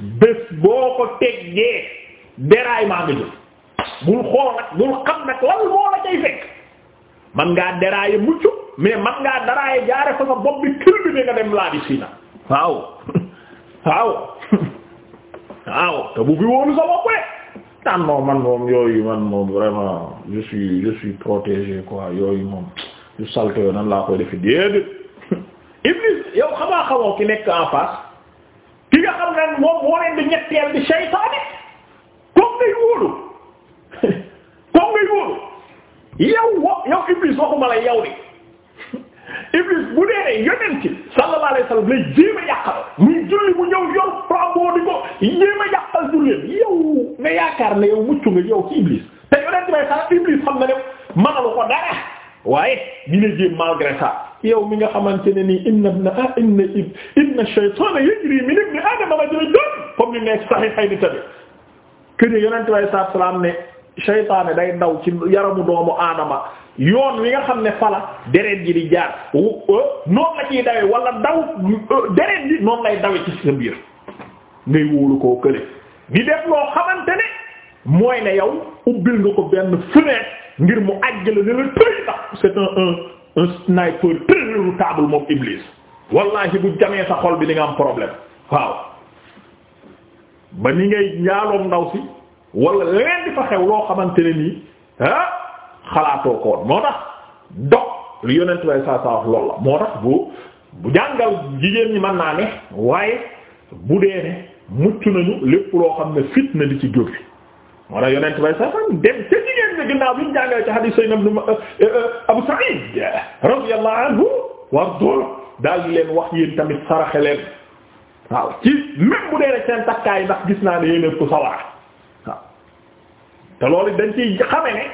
bés boo ko teggee deraay maa nga jël bul xool nag bul xam nag lan moo la cay fekk man ngaa deraaye mucc mais man ngaa daraaye jaare fa sa bopp bi kër bi ne dem laa di siina waaw waaw waaw te bu fi woonu sa bopp rek tan non man moom yooyu man moom vraiment je suis je suis protégé quoi yooyu moom yu salte yoo nan laa koy defe déedéet Iblis yow xamaa xamoo ki nekk en face moom moo leen di ñetteel di seytaane comme ngay wóolu comme ngay wóolu yow wa yow Iblis waxuma la yow de Iblis bu dee yonent sallallahu alayhi wasallam lay jéem a yàqal muy julli mu ñëw yor flambeau di ko jéem a yàqal julleem yow nga yaakaar ne yow mucc nga yow Iblis te yonent may sax Iblis xam ne mënalu ko dara. waaye dina jéem malgré ça yow mi nga xamante ne nii inna ibna ah inna ib inna shaytaana yajri min ibni aadama majra doon comme ni nekk saxiixayni tamit kër yi yonent bi alayhi salaam ne shaytaane day daw ci yaramu doomu aadama yoon wi nga xam ne fala deret ji di jaar noonu la ciy dawe wala daw deret ji noonu lay dawe ci sa biir ngay wóolu koo kële di def loo xamante ne mooy ne yow ubbil nga ko benn fenêtre ngir mu àjjale ne la tëy ndax c'est un un sniper très redoutable moom Iblis wallahi bu jamee sa xol bi di nga am problème waaw ba ni ngay njaaloom ndaw si wala leen di fa xew loo xamante ne nii ah xalaatoo ko woon moo tax dog lu yonent way saa saa wax loolu la moo tax bu bu jàngal jigéen ñi mën naa ne waaye bu dee ne mucc nañu lépp loo xam ne fitna li ci jóge moo tax yonent way saa saa dem ca jigéen ginnaaw bi ñu jàngale ci hadith Sayyidina euh, euh, Abu Sa'id radiyallahu anhu wardool daal di leen wax yéen tamit saraxe leen waaw ci même bu dee rek seen takkaay ndax gis naa ne yéen sawara te loolu dañ ciy xame ne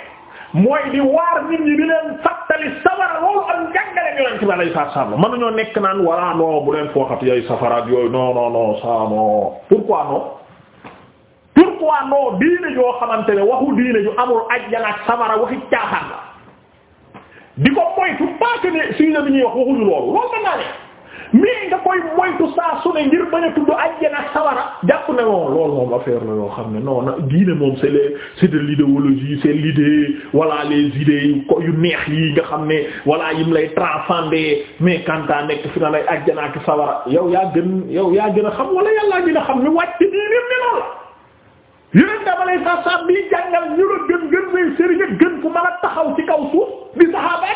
mooy di waar nit ñi di leen fàttali safara loolu am jàngale ñu nekk naan walla bu leen foo xat yooyu safaraat yooyu non non non ça non pourquoi non pourquoi non diine yoo xamante ne waxu diine yu amul ajjana ak samara waxi caaxaan la di ko moytu parce que ne suñu ñuy wax waxuñu loolu loolu mën naa ne mais nga koy moytu saa su ne ngir bañ a tudd ajjana ak samara jàpp ne non xam ne non na diine yu neex yi nga xam ne voilà yim lay transcender mais quant nekk fi na lay ajjana ak samara yow yaa gën yow yaa gën a xam wala yàllaa gën a xam ni wàcc diine ne yeneen dama lay sax sax bii ñu la gën gën say sëriñ fu mën taxaw ci kaw suuf di saxaaba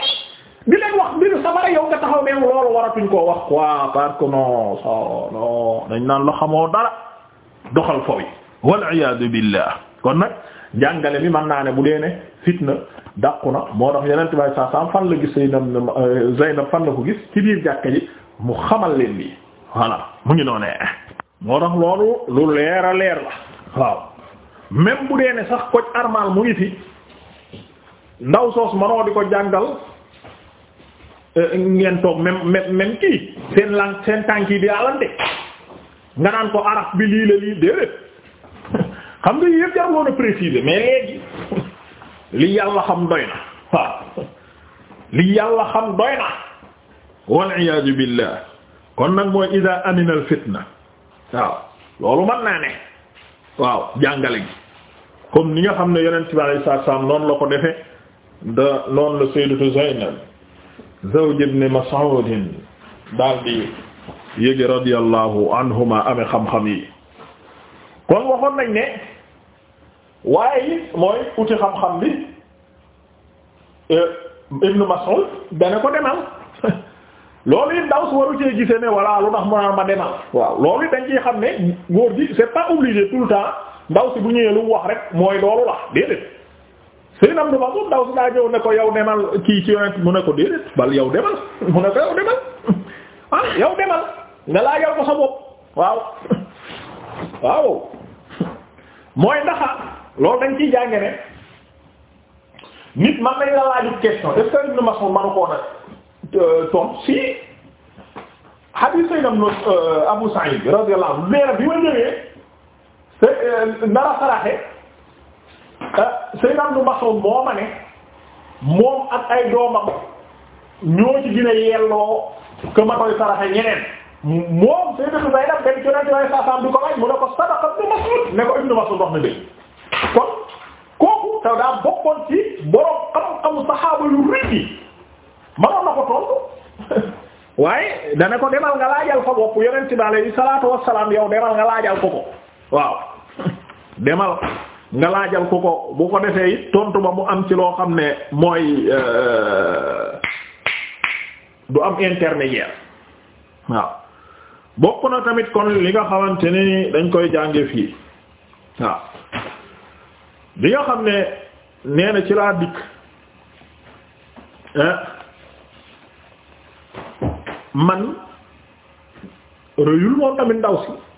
di leen wax mbiru safara yow nga taxaw ne loolu waratuñ koo wax quoi parce que non non non dañ naan la xamoo dara doxal foofu. wal iyaadu billah kon nag jàngale mi mën naa ne bu dee ne fitna dàqu na moo tax yeneen tubaab sax sax fan la gis Seydina fan la ko gis ci biir jàkka ji mu xamal leen lii voilà mu ngi noonee. moo tax loolu lu leer a leer la waaw. même bu dee ne sax koc armal mu ngi fi ndaw soos manoo di ko jàngal euh, ngeen toog même même même kii seen lan seen tànk yi di nga naan ko araf bi lii la lii déedéet xam nga yëpp jar woon a mais léegi li yàlla xam doy na li yàlla xam doy na nag mooy ida aminal fitna waaw loolu mën naa ne waaw jàngale gi comme ni nga xam ne yeneen bi alayhi salaatu salaam noonu la ko defe da noonu la sayyidatu Zaynab zawj ibn Mas'ud daal di yége radiyallahu anhuma amee xam-xam yi kon waxoon nañ ne waaye it mooy uti xam-xam bi euh, ibn Mas'ud dana ko demal loolu it ndaw su waru cee gisee ne walla lu tax mu naan ma demal waaw loolu dañ ciy xam ne góor gi c'est pas obligé tout temps ndaw si bu ñëwee lu wax rek mooy loolu la déedéet sëy nam ma moom ndaw si daa ñëw ne ko yow demal kii ci yonent mu ne ko déedéet bal yow demal mu ne yow demal ah yow demal nga laa yow ko sa bopp waaw waaw mooy ndaxa loolu dañ ciy jànge ne nit man nañ la laaju question est-ce que Ibn Mas'ud manu koo euh, tom si hadith sëy nam euh, Abu Sa'id radiyallahu anhu bi ma ñëwee nara saraxe ah, Seydina Ibn Mas'ud moo ma ne moom ak ay doomam ñoo ci gën a yelloo que ma koy saraxe ñeneen moom Seydina Seydina dem conenti waaye saasam bi ko laaj mu ne ko sadaqa Ibn Mas'ud ne ko Ibn Mas'ud wax na dëgg kon kooku taw daa bokkoon ci borom xam-xamu saxaaba yu rëy yi mënoon na ko tontu waaye dana ko demal nga laajal ko bopp yonent bi alayhi salaatu wassalaam yow demal nga laajal ko ko waaw demal nga laajal ko ko bu ko defee it tontu ba mu am ci loo xam ne mooy euh, du am intermédiaire waaw bokk na tamit kon li nga xamante ni dañ koy jànge fii waaw bi nga xam ne nee na ci laa dikk eh? man rëyul moom tamit ndaw si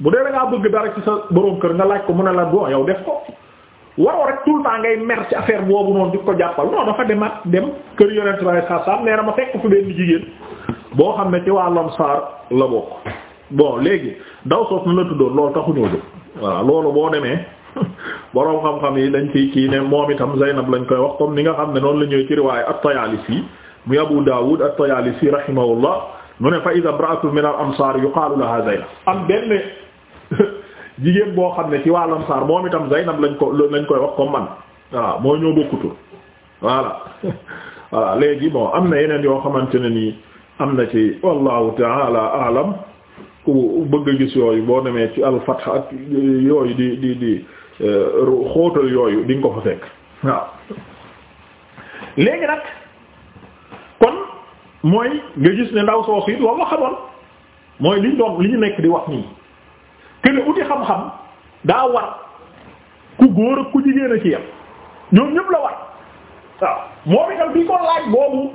bu dee da ngaa bëgg dara ci sa borom kër nga laaj ko mu a la bon yow def ko waroo rek tout le ngay mer ci affaire boobu noonu di ko jàppal non dafa demaat dem kër yonent bi saa saa nee na ma fekk fi benn jigéen boo xam ne ci waa Ansaar la bokk bon léegi daw soos na la tuddoon loolu taxuñoo jóg voilà loolu boo demee boroom xam-xam yi dañ ciy kii ne moom itam Zaynab lañ koy wax comme ni nga xam ne noonu la ñuy ci riwaaya at-Tayaalisi muy Abu Daawud at-Tayaalisi rahimahullah mu ne fa iza imra'atun min al jigéen boo xam ne ci wàllam saar moom itam Zaynab lañ ko lañ koy wax comme man waaw moo ñoo bokkutul voilà voilà léegi bon am na yeneen yoo xamante ne nii am na ci wallahu ta'ala alam ku bëgg a gis yooyu boo demee ci al fath ak yooyu di di di euh, xóotal yooyu di ko fa fekk waaw léegi nag kon mooy nga gis ne ndaw soosu it loolu la xamoon mooy liñ doon li nekk di wax nii que ne uti xam-xam daa war ku góor ak ku jigéen a ci yam ñoom ñëpp la war waaw moom itam bi ko laaj boobu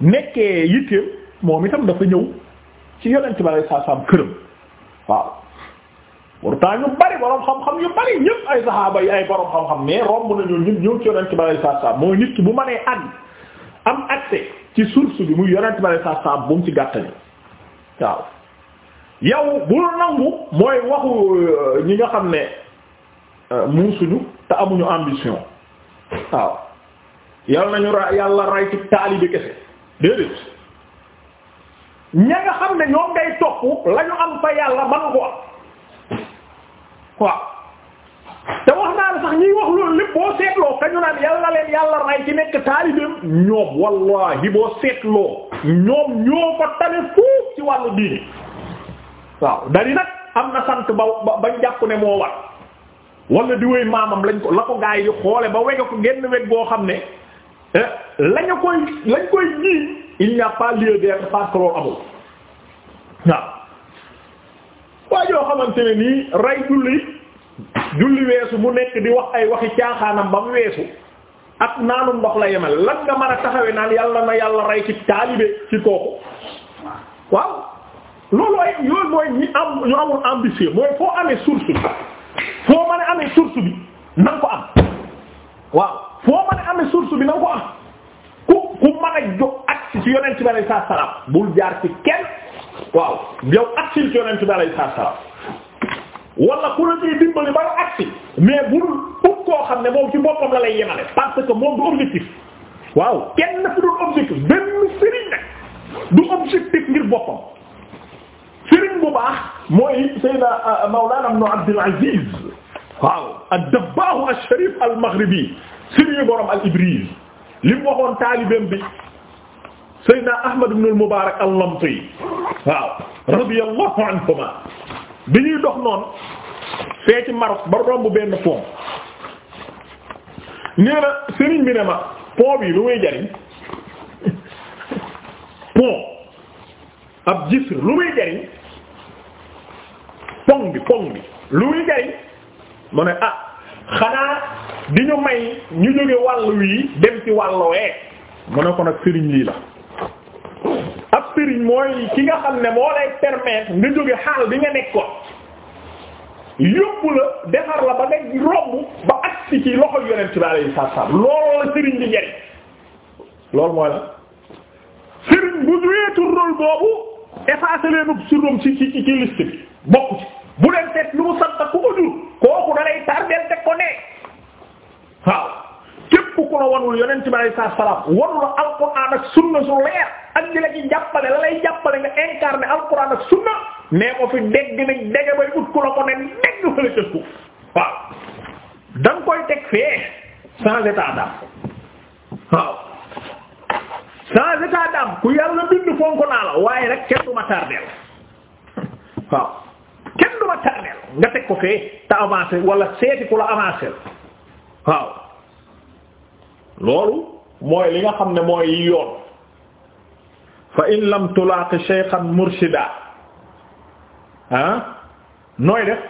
nekkee yitteem moom itam dafa ñëw ci yonent bi sallallahu alayhi wasallam këram waaw pourtant ñu bari borom xam-xam ñu bari ñëpp ay saxaaba yi ay borom xam-xam mais romb nañu ñun ñëw ci yonent bi sallallahu alayhi wasallam mooy nit ki bu mënee ànd am accès ci source bi muy yonent bi sallallahu alayhi wasallam bu mu ci gàttañu waaw. yow bul nangu mooy waxu euh, ñi nga xam ne euh, muusuñu te amuñu ambition waaw yal nañu ra yàlla ray ci taalibe kese déedéet ña nga xam ne ñoom ngay topp la am fa yàlla manu ko am waaw te wax naa sax ñiy wax loolu lépp boo seetloo kañu naan yàlla leen yàlla ray ci nekk taalibeem ñoom wallahi boo seetloo ñoom ñoo ko tane fuuf ci wàllu diini waaw dari nag am na sant ba bañ jàpp ne moo war wala di wéy maamam lañ ko la ko gaay yi xoole ba wege ko genn weg boo xam ne eh, lañu koy lañ koy jiiñ il n'y a pas a d'être parce que loolu amul waaw waa joo xamante ne nii rey julli julli weesu mu nekk di wax ay waxi caaxaanam ba mu weesu ak naanum ndox la yemal lan nga mën a taxawe naan yàlla na yàlla rey ci taalibe ci kooku waaw loolu ay yooyu mooy ñi am ñu amul ambitieux mooy foo amee source bi foo mën a amee source bi na ko am waaw foo mën amee source bi na ko am ku ku mën a jóg agsi ci bi alayhi salaam bul jaar ci kenn waaw yow agsi ci yonent bi alayhi salaam wala ku la ñuy dimbali ba la agsi mais bul ut koo xam ne moom ci boppam la lay yemale parce que moom du objectif waaw kenn fi dul objectif benn sëriñ nag du objectif ngir boppam. sëriñ bu baax mooy Seydina euh, Mawlana ibn Abdul Aziz waaw ad-Dabbagh ash-Sharif al-Maghribi sëriñ borom al-Ibriz li mu waxoon taalibeem bi Seydina Ahmad ibn al-Mubarak al-Lamti waaw radiyallahu anhuma bi ñuy dox noonu fee ci Maroc ba romb benn pont nee na sëriñ bi ne ma pont bi lu muy jariñ pont ab jisr lu muy jariñ poŋ bi poŋ bi lu muy jariñ mu ne ah xanaa di ñu may ñu jóge wàll wii dem ci wàll wee mu ne ko nag sëriñ lii la ab sëriñ mooy ki nga xam ne moo lay permettre nga jóge xaal bi nga nekkoon yóbbu la defar la ba nga romb ba agsi ci loxo yonent bi alayhi salaam loolu la sëriñ di jariñ loolu mooy la sëriñ bu joué tur rôle boobu effacé leen ak surnom ci ci ci liste bi bokk bu leen seet lu mu sant ku ko jur kooku da lay tardeel teg ko ne waaw képp ku la wanul yonent bi alayhi salaatu salaam wanul alquran ak sunna su leer ak la ci jàppale la jàppale nga incarné alquran ak sunna mais ko fi dégg nag dégg bay ut ku la ko ne dégg fa la cës ko waaw koy teg fee sans état d'âme waaw sans état d'âme ku yàlla bind fonk naa la waaye rek kenn du ma tardeel waaw ma tardeel nga teg ko fee te avancé wala seeti ku la avancé waaw loolu mooy li nga xam ne mooy yoon fa in lam tulaaqi shaykhan murshida ah nooy def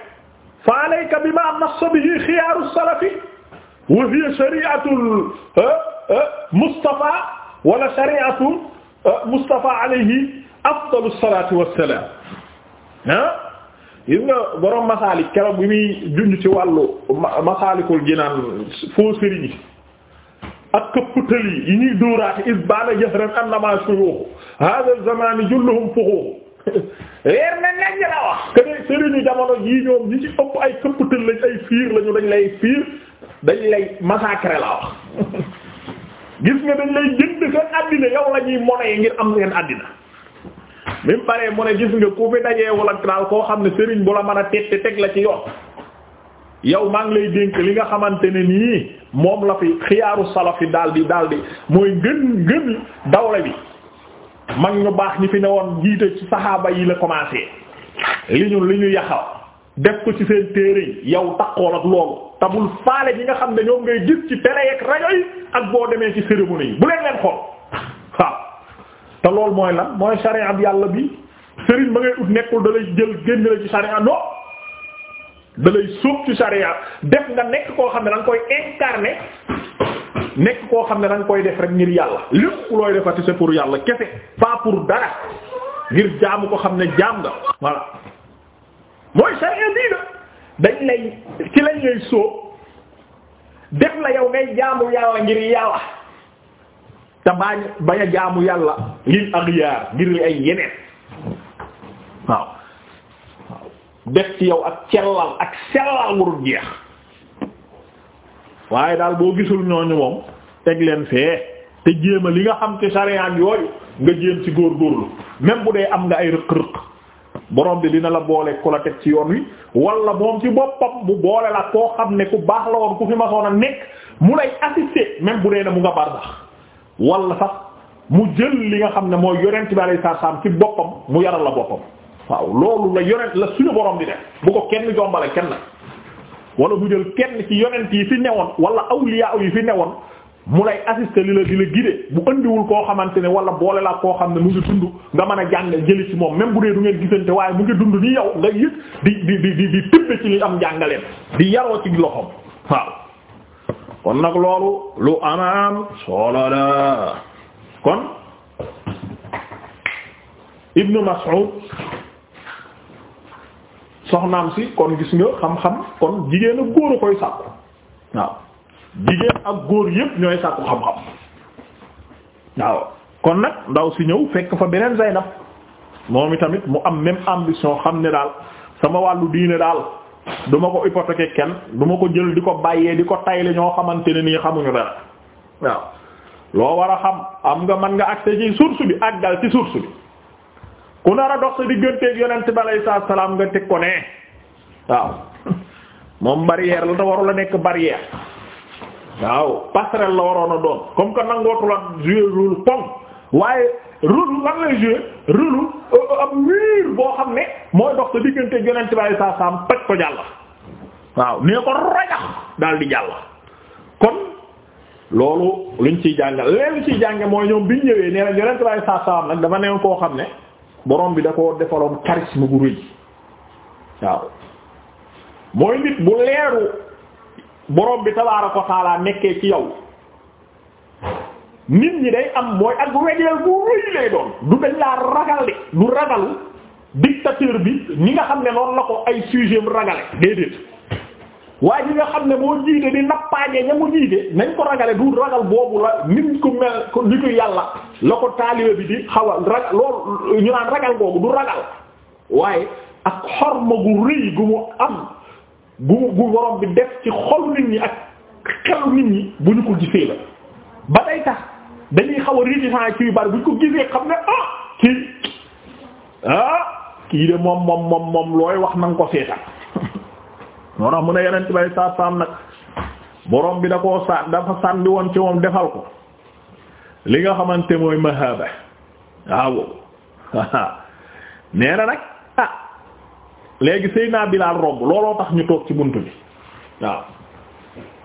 fa alayka bima nassa bihi xiyaaru salafi wa hiya shari'atul eh, eh, Mustafa wala shari'atu eh, Mustafa alayhi afdalu salaatu wassalaam ah gis nga borom masaalik keroog bi muy junj ci wàllu masaalikul jinaan foo sëriñ ak këpp tëli yi ñuy dóoraati isbaana jahran annama shuyukh hadha zamani julluhum fuqu leer na nañ la wax que ne sëriñu jamono jii ñoom ñi ci ëpp ay këpp tël ay fiir lañu dañ lay fiir dañ lay massacrer la wax gis nga dañ lay jënd seen àddina yow la ñuy ngir am seen àddina mi mu paree mu ne gis nga ku fi dajeewul ak daal koo xam ne sëriñ bu la mën a tette teg la ci yoon yow maa ngi lay dénk li nga xamante ne nii moom la fi xiyaaru salaf yi daal di daal di mooy gën gën dawla bi mag ñu baax ñi fi ne woon njiite ci saxaaba yi la commencé li ñu li ñu yaxaw def ko ci seen téere yow takkool ak loolu tabul faale ñi nga xam ne ñoom ngay gis ci télé ak rajo ak boo demee ci cérémonie yi bu leen leen xool waaw te loolu mooy lan mooy sharia bi yàlla bi sëriñ ba ngay ut nekkul da jël génn la ci sharia non da lay sóob ci sharia def nga nekk koo xam ne da koy incarner nekk koo xam ne da koy def rek ngir yàlla lépp looy defati ci pour yàlla kese pas pour dara ngir jaamu ko xam ne jaam nga voilà mooy sharia bii na dañ lay ci lañ lay sóob def la yow ngay jaamu yàlla ngir yàlla te bañ bañ a jaamu yàlla lil aghyaar ngir li ay yeneen waaw def ci yow ak cellal ak sellal wurut jeex waaye daal boo gisul ñooñu moom teg leen fee te jéema li nga xam ci sariyaan yooyu nga jéem ci góor góorgóorlu même bu dee am nga ay rëq-rëq borom bi dina la boole ku la teg ci yoon wi wala moom ci boppam bu boole la koo xam ne ku baax la woon ku fi masoon a nekk mu lay assister même bu dee na mu nga bar sax wala sax mu jël li nga xam ne mooy yonent bi alayhi salaam ci boppam mu yaral la boppam waaw loolu la yonent la suñu borom di def bu ko kenn jombale kenn wala mu jël kenn ci yonent yi fi newoon wala awliya yi fi newoon mu lay assister li la di la guider bu andiwul koo xamante ne wala boole la koo xam ne mu ngi dund nga mën a jàng jëli ci moom même bu dee du ngeen gisante waaye mu ngi dund nii yow nga yëg di di di di tibb ci li am jàngaleen di yaroo ci loxoom waaw kon nag loolu lu amaam solo la kon Ibnu Mas'ud soxnaam si kon gis nga xam-xam kon jigéen ak góor a yépp ñooy sàkku xam-xam waaw kon nag ndaw si ñëw fekk fa beneen Zaynab moom i tamit mu am même ambition xam ne daal sama wàllu diine daal du ma ko hypothéquer kenn du ma ko jël di ko bàyyee di ko tayle ñoo xamante ne nii xamuñu dara waaw loo war a xam am nga mën nga accès ci source bi àggal ci source bi ku nar a dox sa digganteeg yonent bi alayhi salaam nga teg ko ne waaw moom barrière la te waru la nekk barrière waaw passerelle la waroon a doon comme que nangootu la jouer rôle waaye rôle lan lay jouer rôle euh, ab mur boo xam ne mooy dox sa diggante yonent bi saa saam pej ko jàll waaw nee ko rajax daal di jàll kon loolu luñ ciy jàngal leen ciy jànge mooy ñoom biñ ñëwee nee na yonent bi saa saam nag dafa neew koo xam ne borom bi da ko defaloon charisme bu rëy waaw mooy nit bu leeru borom bi tabaaraka wa taala nekkee ci yow nit ñi day am mooy ak wejeel bu rëy lay doon du dañ laa ragal de du ragalu dictateur bi ñi nga xam ne noonu la ko ay sujet ragale déedéet waaye ñi nga xam ne moo jiite di nappaaje ña jiite nañ ko ragale du ragal boobu la nit ku mel ko nitu yàlla la ko taalibe bi di xaw a ragal loolu ñu naan ragal boobu du ragal waaye ak xorma gu rëy gu mu am gu gu borom bi def ci xol nit ñi ak xelu nit ñi bu ñu ko gisee la ba day tax xaw a réticent xam ne kii ah, ah, kii de moom moom moom moom looy wax na nga ko seetal moo tax mu a yeneen ci bay saa saam nag borom bi da koo sa dafa sànni woon ci moom defal ko li nga xamante mooy mahaba waaw nee na nag ah léegi Seydina Bilaal romb looloo tax ñu toog ci bunt bi waaw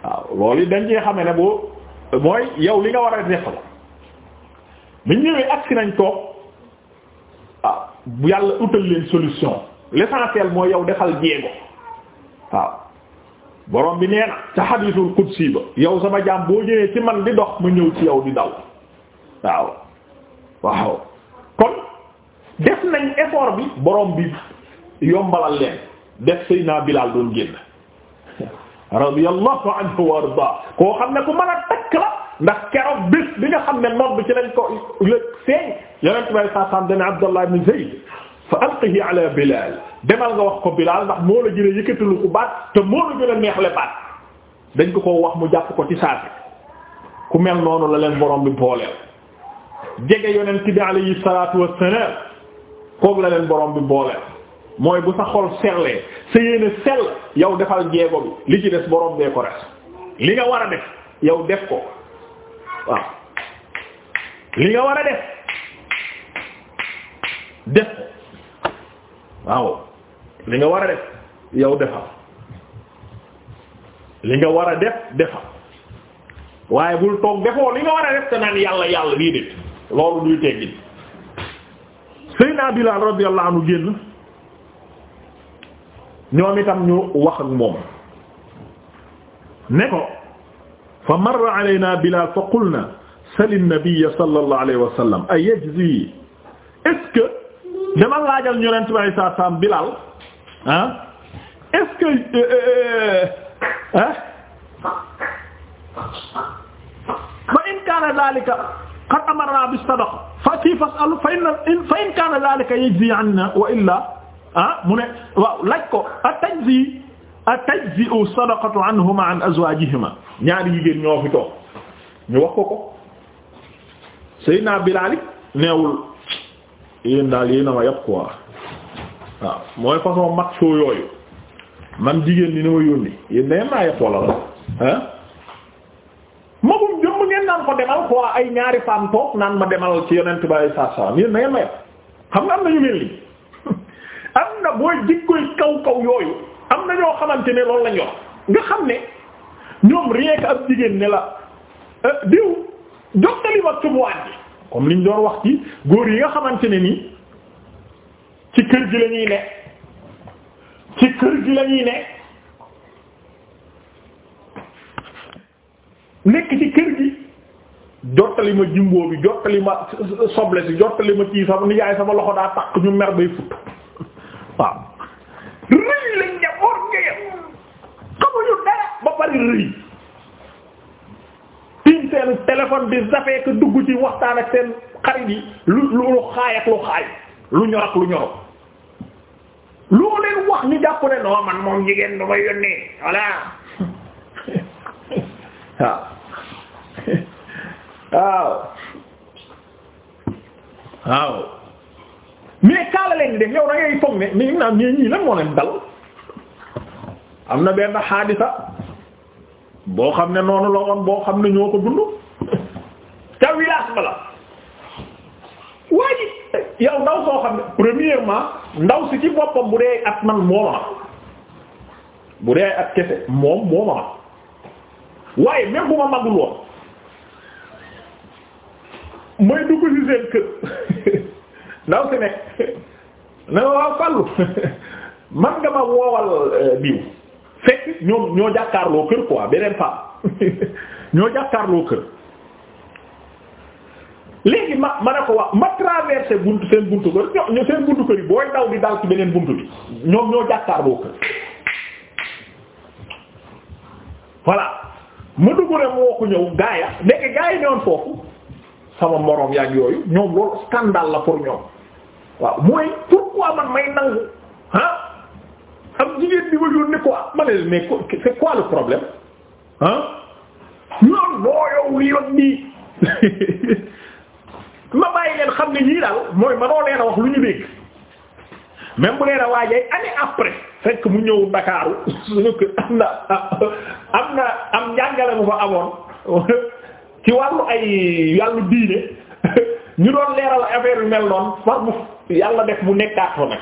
waaw loolu yi dañ cee xame ne bu mooy yow li nga war a def la biñ ñëwee agsi nañ toog waaw ah, yàlla utal leen solution l'essentiel mooy yow defal jéego waaw borom bi nee na ca xadiisul qudsi ba yow sama jaam boo ñëwee ci man di dox ma ñëw ci yow di daw waaw waaw kon def nañ effort bi borom bi yombalal leen def Seydina Bilaal doon génn radiyallahu anhu koo xam ne ku mën a takk la ndax keroog bés bi nga xam ne nodd ci lañ ko lëg seey yonent bay saasam dana Abdallah ibn Zayd fa alqihi ala Bilal demal nga wax ko bilaal ndax moo la gën a yëkkatalu ko baat te moo la gën neexle baat dañ ko ko wax mu jàpp ko ci saasi ku mel noonu la leen borom bi booleel jege yonent bi alayhi salaatu wassalaam koog la leen borom bi booleel mooy bu sa xol sellee sa yéene sell yow defal jeego bi li ci des borom bee ko res li nga war a def yow def ko waaw li nga war a def def waaw li nga war a def yow defal li nga war a def defal waaye bul toog defoo li nga war a def te naan yàlla yàlla lii de loolu duy teggin Seydina Bilaal radiyallahu anhu génn ñoom itam ñu wax ak moom ne ko fa marra alaynaa Bilaal fa qulnaa sali nabiyya sallallahu alayhi wa sallam a yajzi est-ce que dama laajal ñu leen tubaab saa saam Bilaal ah est-ce que ah. fa in kaana zaalika qad amarnaa bis-sadaqa fa kii fas'alu fa in fa in kaana zaalika yajzi annaa wa illaa ah mu ne waaw laaj ko at-tajzi atajzi'u sadaqatu anhuma an azwajihima ñaari jigéen ñoo fi toog ñu wax ko ko naa Bilaal neewul yéen daal yéen ma yàpp quoi mooy façon mat soo yooyu man jigéen ni ne ma yónni yéen dañu maa yàpp wala la ah magum jëmm ngeen naan ko demal quoi ay ñaari femme toog naan ma demal ci yonent bi saa saa yéen dañu ma yàpp xam nga am na ñu mel ni am na booy jikkoy kaw kaw yooyu. am na ñoo xamante ne loolu lañ ñu nga xam ne ñoom rien que ab jigéen ne la euh, diw jottali ma bi comme liñ doon wax ci góor yi nga xamante ne nii ci kër gi la ñuy ne ci kër ne nekk ci kër gi jottali ma jimbo bi jottali ma soble si jottali ma ci sama nijaay sama loxo daa takk ñu mer bay fut waaw xor ba bari rëy tiim seen téléphone bi zapé ko dugg ci waxtaan ak seen xarit yi lu lu xaay ak lu xaay lu ñor ak lu ñor loo wax ñu jàpp ne non man moom jigéen du ma yónnee voilà waaw waaw waaw mais kaala yow da ngay foog ne ni ñu naan ñii moo leen dal. am na benn xaadisa boo xam ne noonu la woon boo xam ne ñoo ko dund ca village la waaye yow ndaw soo xam ne premièrement ndaw si ci boppam bu dee at man mooma bu dee at kese moom mooma ma waaye même bu ma magul woon mooy dugg ci seen kër ndaw si ne na waaw fàllu man nga ma woowal biiw euh, fekk ñoom ñoo jàkkaarloo kër quoi beneen femme ñoo jàkkaarloo kër léegi ma ma ne ko wax ma traversé buntu seen buntu kër ñoo seen buntu kër yi booy daw di dal ci beneen buntu bi ñoom ñoo jàkkaarloo kër voilà ma dugg rek mu woo ko ñëw gaaya nekk gaaya ñoon foofu sama moroom yaa yooyu ñoom loolu scandale la pour ñoom waaw mooy pourquoi man may nangu ah. am jigéen di ma yónnee quoi ma ne mais c'est quoi le problème ah non non yow yoon bi ma bàyyi leen xam ne ñii daal mooy manoo leen a wax lu ñu dégg même bu leen a waajee année après fekk mu ñëw Ndakaaru suñu kër am na am na am njàngale mu fa amoon ci wàllu ay yàllu diine ñu doon leeral affaire yu mel noonu far mu yàlla def mu nekkaat fa nag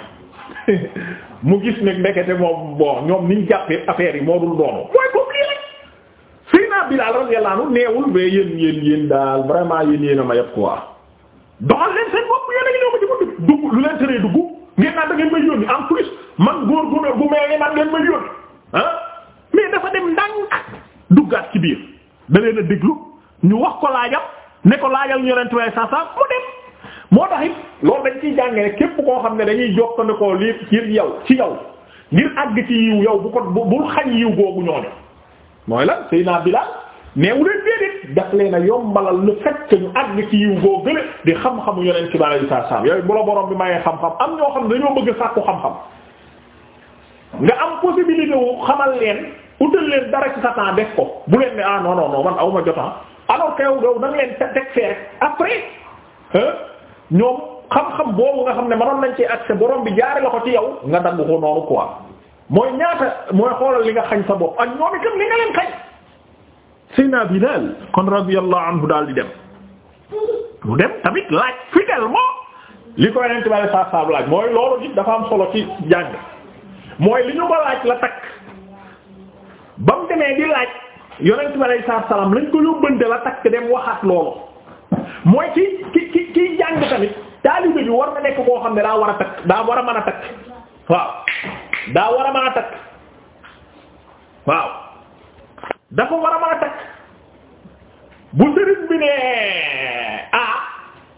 mu gis ne ndekete moom bon ñoom niñ jàppee affaire yi moo dul doonu mooy boobu lii rek Seydina Bilal radiyallahu anhu neewul mais yéen yéen yéen daal vraiment yéen yéen a ma yëpp quoi doxal leen seen bopp yéen a ngi ko ci ma dugg dugg lu leen tëree en plus man góor gu bu mel ni man ngeen may yónni ah mais dafa dem ndànk duggaat ci biir da leen a déglu ñu wax ko laajal ne ko laajal ñu leen tuwee saa saa mu dem. moo tax it loolu dañ ciy jànge ne képp koo xam ne dañuy jokkandikoo li ci yow ci yow ngir àgg ci yiw yow bu ko bul xañ yiw googu ñoo ne mooy la Seydina Bilaal neewu leen déedéet daf leen a yombalal lu fekk ñu àgg ci yiw goo gële di xam-xamu yonent ci bari saa saam yooyu bu bi mayee xam-xam am ñoo xam ne dañoo bëgg sàkku xam-xam nga am possibilité wu xamal leen utal leen dara ci sa temps def ko bu leen ne ah non non non man awma jotaan alors que yow ñoom xam-xam boobu nga xam ne mënoon nañ ci accès borom bi jaare la ko ci yow nga dagg ko noonu quoi mooy ñaata mooy xoolal li nga xañ sa bopp ak ñoom itam li nga leen xañ Seyna Bilal kon radiyallahu anhu daal di dem mu dem tamit laaj fidèlement li ko yeneen tubaab saa saabu laaj mooy loolu it dafa am solo ci jàng mooy li ñu ko laaj la takk ba mu demee di laaj yonent bi alayhi salaam lañ ko yóbbante la takk dem waxaat loolu mooy ci ci ci kiy jàng tamit taalibe bi war na nekk koo xam ne daa war a takk daa war a mën a takk waaw daa war a mën takk waaw dafa war a mën a takk bu sëriñ bi ne ah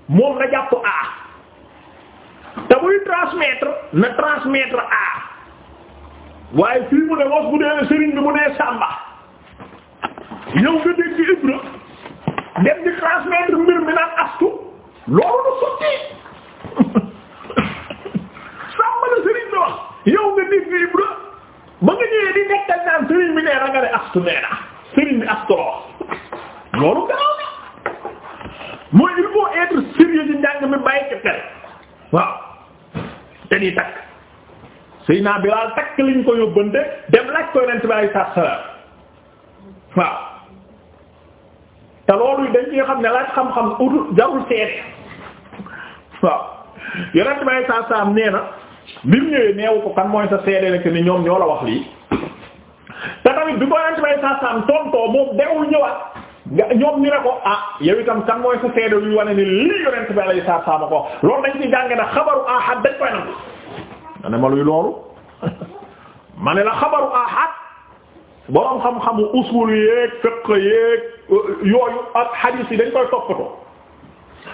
moom na jàpp ah te buy transmettre na transmettre ah waaye fii mu ne mos bu dee sëriñ bi mu ne Samba yow nga dégg Ibra dem di transmettre mbir mi naan astu loolu du sotti sàmm la sëriñ bi wax yow nga nit ñi Ibra ba nga ñëwee di nekkal naan sëriñ bi nee na nga ne astu nee sëriñ bi astu loolu garaaw mooy il faut être sérieux di njàng mi bàyyi ca kër waaw te takk sëy naa Bilaal takk liñ ko yóbbante dem laaj ko Yonent bi sallallahu alayhi waaw te loolu dañ xam ne laaj xam-xam utu jarul seet waaw yonent may saa saam nee na bi mu ñëwee neewu ko kan mooy sa seede rek ni ñoom ñoo la wax lii te tamit bi ko yonent may saa saam tontoo moom deewul ñëwaat ñoom ñu ne ko ah yow itam kan mooy sa seede luy wane ni lii yonent bi alayhi saa saam ko loolu dañ ci jàng na xabaru ahad dañ koy nangu ma luy loolu ma ne la xabaru ahad boroom xam-xamu usul yeeg fiqh yeeg euh, yooyu ak hadith yi dañ koy toppatoo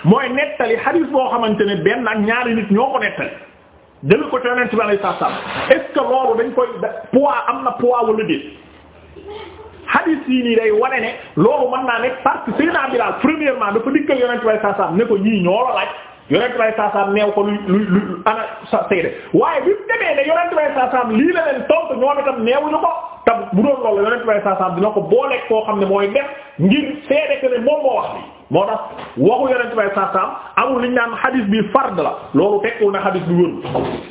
mooy nettali hadith boo xamante ne benn ak ñaari nit ñoo ko nettali jël ko ci yonent bi alayhi salaam loolu dañ koy poids am na poids wala déet hadith yi nii day wane ne loolu man naa nekk parce que Seydina Bilaal premièrement dafa dikkal yonent bi alayhi ne ko ñii ñoo la laaj yonent saasaam neew ko lu lu lu ana sa seede waaye bi demee ne yonent bay saasaam lii la leen tontu ñoom itam ko sallam bu doon loolu yonent bi sallallahu alayhi wasallam dina ko boole koo xam ne mooy def ngir seede que ne moom moo wax li moo tax waxu yonent bi sallallahu alayhi wasallam amul li ñu naan xadis bi fard la loolu tekkul na xadis bi wérul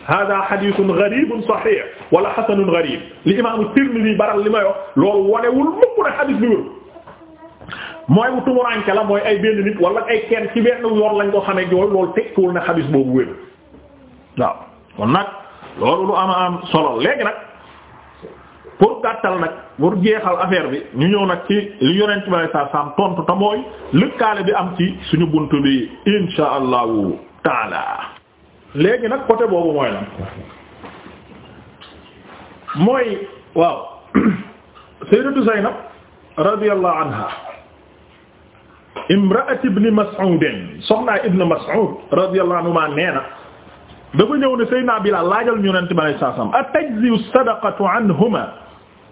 hada xadisun garibun sahih wala xasanun garib li imaamu Tirmidhi baral li may wax loolu wanewul mukk na xadis bi wérul mooy bu tumuranke la mooy ay benn nit wala ay kenn ci benn yoon lañ ko xamee jooy loolu tekkul na xadis boobu wérul waaw kon nag loolu lu ama am solo léegi nag pour gàttal nag pour jeexal affaire bi ñu ñëw nag ci li yonent bi saa saam tontu te mooy lëkkaale bi am ci suñu bunt bi insha allahu taala léegi nag côté boobu mooy lan mooy waaw sayyidatu Zaynab radiyallahu anha imra'at ibn Mas'ud soxnaa ibn Mas'ud radiyallahu anhuma nee na dafa ñëw ne Seydina Bilaal laajal ñu yonent bi saa saam atajzi'u sadaqatu anhuma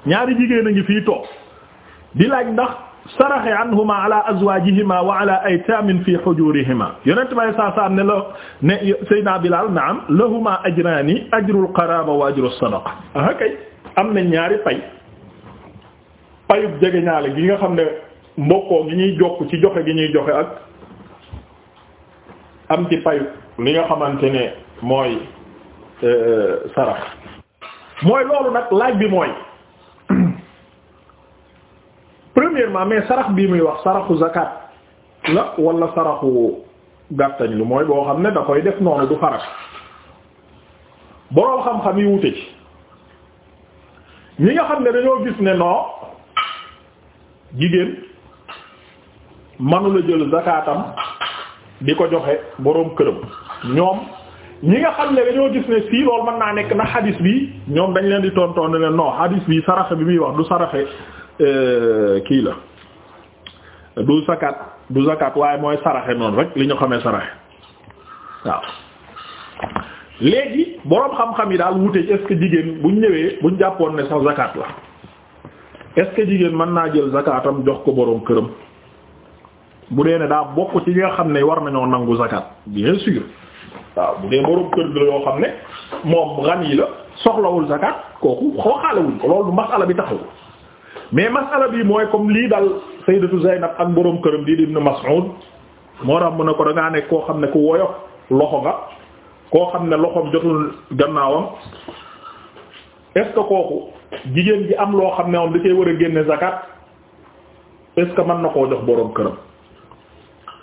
ñaari jigéen a ngi fi toog di laaj ndax saraxe anhuma ala azwajihima wa ala aytamin fi hujurihima yonent bay saa saa ne la ne Seydina Bilal naam lahuma ajrani ajrul qaraba wa ajru sadaqa aha kay am na ñaari pay payub jege ñaale gi nga xam ne mbokkoo gi ñuy jokk ci joxe gi ñuy joxe ak am ci payub li nga xamante ne mooy euh, sarax mooy loolu nag laaj bi mooy premièrement mais sarax bii muy wax saraxu zakat la wala saraxu gàttañ lu mooy boo xam ne da koy def noonu du farat boroom xam-xam yi wute ci ñi nga xam ne dañoo gis ne noo jigéen manula jël zakatam di ko joxe boroom këram ñoom ñi nga xam ne dañoo gis ne fii loolu mën naa nekk na xadis bi ñoom dañ leen di tontoon ne leen non xadis bi saraxe bi muy wax du saraxe Euh, kii la du zakat du zakat waaye mooy saraxe noonu rek li ñu xamee saraxe waaw léegi boroom xam-xam yi daal wutee est-ce que jigéen buñ ñëwee buñ jàppoon ne sax zakat la est jigéen mën naa jël zakatam jox ko boroom këram bu dee ne daa bokk ci nga xam ne war nañoo nangu zakat bien sûr waaw bu dee boroom kër la yoo xam ne moom ran yi la soxlawul zakat kooku xoo xaalewuñ ko loolu du masala bi taxaw mais masala bi mooy comme lii dal sayyidatu Zaynab ak boroom këram di Ibn Mas'ud moo tax mu ne ko da nekk koo xam ne ku woyof loxo nga koo xam ne loxoom jotul gannaawam est ce que kooku jigéen ji am loo xam ne moom da cee war a génne zakat est ce mën na koo jox boroom këram